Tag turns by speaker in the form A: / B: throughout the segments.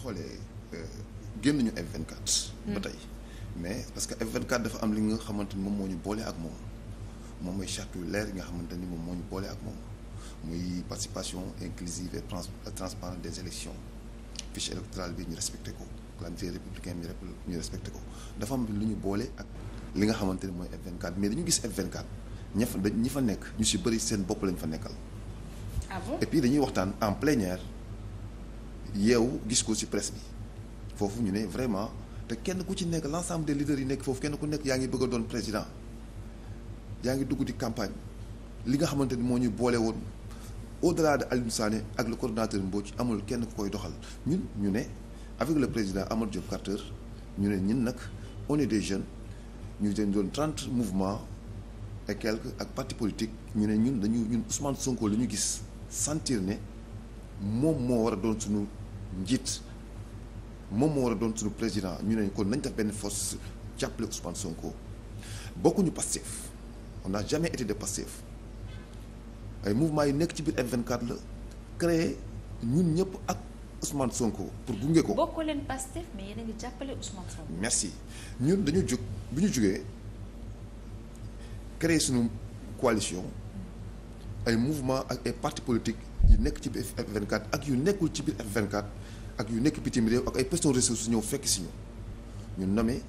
A: xoolee euh, génn ñu F24. Hmm. ba tey mais parce que F24 dafa am li nga xamante ni moom moo ñu boole ak moom moom mooy charte yu leer yi nga xamante ni moom moo ñu boole ak moom muy participation inclusive et trans euh, transparente des élections fiche électorale bi ñu respecté ko calendrier républicain bi ñu respecté ko dafa am lu ñu boole ak li nga xamante ni mooy F24 mais dañu gis F24 ña fa ñi fa nekk ñu si bëri seen bopp lañ fa nekkal. ah dañuy waxtaan en plénière. yeewu gis ko ci presse bi foofu ñu ne vraiment te kenn ku ci nekk l'ensemble des leaders yi nekk foofu kenn ku nekk yaa ngi bëgg a doon président yaa ngi dugg di campagne li nga xamante ni moo ñu boole woon au-delà de Aliou Sané ak le coordonnateur Mbodj amul kenn ku koy doxal ñun ñu ne avec le président Amadou Diop Carter ñu ne ñun nag on est des jeunes ñu dañ doon trente mouvements et quelques ak parti politique ñu ne ñun dañu ñun Ousmane Sonko la ñu gis sentir ne moom moo war a doon suñu njiit moom moo war a doon suñu président ñu ne kon nañ def benn force jàppale Ousmane Sonko bokkuñu Pastef on n'a jamais été de Pastef ay mouvement yu nekk ci biir F24 la créé ñun ñëpp ak Ousmane Sonko pour gunge ko. bokk leen Pastef mais yéen merci ñun dañu jug bu ñu jugee créé suñu coalition ay mouvement ak ay parti politique yu nekk ci biir F24 ak yu nekkul ci biir F24 ak yu nekk bitim réew ak ay personnes ressources ñëw fekk si ñu ñu nommé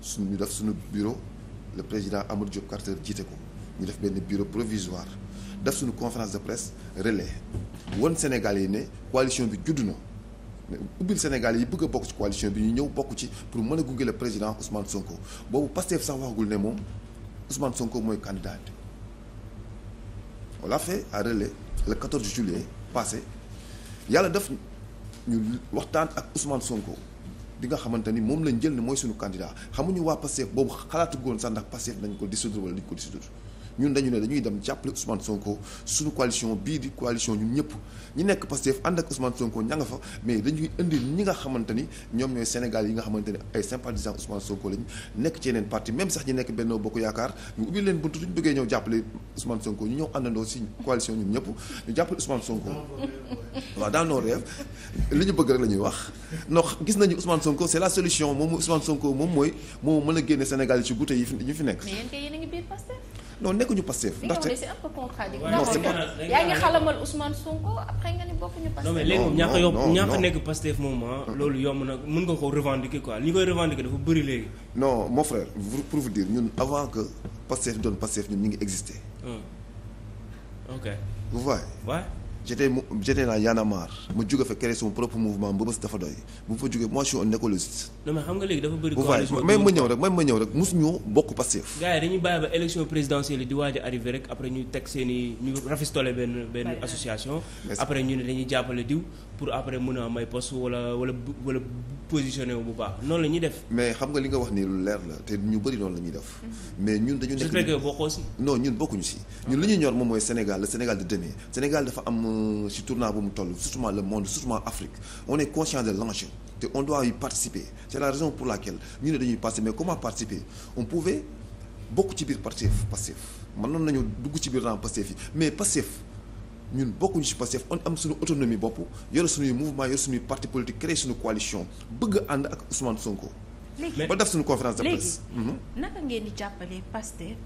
A: suñu ñu def suñu bureau le président amul Diop Carter jiite ko ñu def benn bureau provisoire def suñu conférence de presse relais won Sénégal yi ne coalition bi juddu na mais ubbil Sénégal yi bëgg a bokk ci coalition bi ñu ñëw bokk ci pour mën a gunge le président Ousmane Sonko boobu Pastef sax waxagul ne moom Ousmane Sonko mooy candidat bi on l'a fait à relais. le 14 juillet passé yàlla def ñu waxtaan ak Ousmane Sonko bi nga xamante ni moom lañ jël ne mooy suñu candidat xamuñu waa Pastef boobu xalaatu goon sax ndax Pastef nañ ko dissoudre wala duñ ko dissoudre ñun dañu ne dañuy dem jàppale Ousmane Sonko suñu coalition bii di coalition ñun ñëpp ñu nekk Pastef ànd ak Ousmane Sonko ña nga fa mais dañuy indi ñi nga xamante ni ñoom ñooy Sénégal yi nga xamante ni ay sympathisants Ousmane Sonko lañ nekk ci yeneen parti même sax ñi nekk Benno Bokk Yaakaar ñu ubbi leen buntu duñ bëggee ñëw jàppale Ousmane Sonko ñu ñëw àndandoo si ñëpp ñu jàppale Ousmane Sonko waaw dans nos li ñu bëgg rek la ñuy wax ndox gis nañu Ousmane Sonko c'est la solution moom Ousmane Sonko moom mooy moo mën a génne Sénégal yi ci guute yi ñu fi nekk non nekkuñu Pastef. ndaxte mais c'est un peu contradictoire. non c'est pas yaa ngi xalamal Ousmane Sonko après nga ni bokkuñu Pastef. non léegi moom ñàkk a yomb ñàkk a nekk Pastef moom ah. loolu yomb na mën nga ko revendiquer quoi li koy revendiquer dafa bëri léegi. non mon frère pour vous ñun avant que Pastef doon Pastef ñun ñu ngi exister. Mm. ok. vous j'étais j'étais dans Y'en a ma jóge fa créer sama propre mouvement Mbëbës dafa doy bu fa jógee moi je suis un écologiste. non xam nga léegi dafa bëri. coalition bu ma ñëw rek même ma ñëw rek mosu ñu bokk Pastef. gars yi dañuy bàyyi ba élection présidentielle di waaj a arrivé rek après ñu teg seen i ñu rafistole benn benn association. après ñu ne dañuy jàppale diw pour après mën a am ay poste wala wala wu bu baax noonu la ñuy def. mais xam nga li nga wax ni lu leer la te ñu bëri noonu la ñuy def. mais ñun dañu nekk nii bokkoo si. si. ñun li ñu ñor moom mooy Sénégal le Sénégal de demain Sénégal dafa am euh, si tournant bu mu toll surtout le monde surtout Afrique on est conscient de l'enjeu te on doit y participer c'est raison pour laquelle ñu ne dañuy participer mais comment participer on pouvait bokk ci biir Pastef Pastef mënoon nañu dugg ci biir rang mais Pastef. ñun bokkuñu ci Pastef on am suñu autonomie bopp yore suñuy mouvement yore suñuy parti politique créer suñu coalition bëgg ànd ak Ousmane Sonko. ba def suñu conférence de presse. léegi mhm. naka ngeen di jàppale Pastef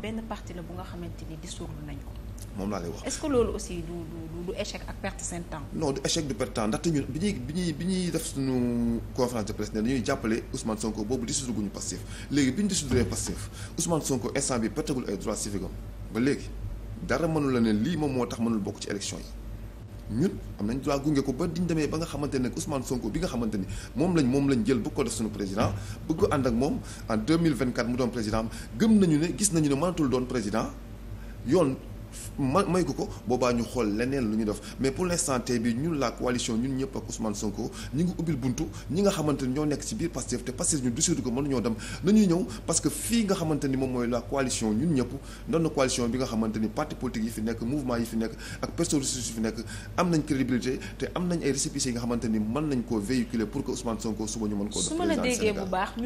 A: benn parti la bu nga xamante ni dissoudre nañ ko. moom laa lay wax est-ce que loolu aussi du du du échec ak perte seen temps. non du échec du perte temps ndaxte ñun bi ñuy bi ñuy bi ñuy def suñu conférence de presse ne dañuy jàppale Ousmane Sonko boobu dissoudre guñu Pastef léegi bi ñu dissoudre Pastef Ousmane Sonko instant bi pertagul ay droits civiques ba léegi. dara mënu la ne lii moom moo tax mënul bokk ci élection yi ñun am nañ droit gunge ko ba diñ demee ba nga xamante ne Ousmane Sonko bi nga xamante ni moom lañ moom lañ jël bëgg ko def suñu président bëgg ko ànd ak moom en 2024 mu doon président gëm nañu ne gis nañu ne mënatul doon président yoon ma may ko ko boobaa ñu xool leneen lu ñu def mais pour l'instant tey bi ñun la coalition ñun ñëpp ak Ousmane Sonko ñi ngi ubbil buntu ñi nga xamante ñoo nekk ci biir Pastef te Pastef ñun du surtout que mënuñoo dem nañuy ñëw parce fii nga xamante ni moom mooy la coalition ñun ñëpp doon na coalition bi nga xamante ni parti politique yi fi nekk mouvement yi fi nekk ak personne ressource yi fi nekk am nañ crédibilité te am nañ ay récépissés yi nga xamante mën pour que Ousmane Sonko suba ñu mën koo def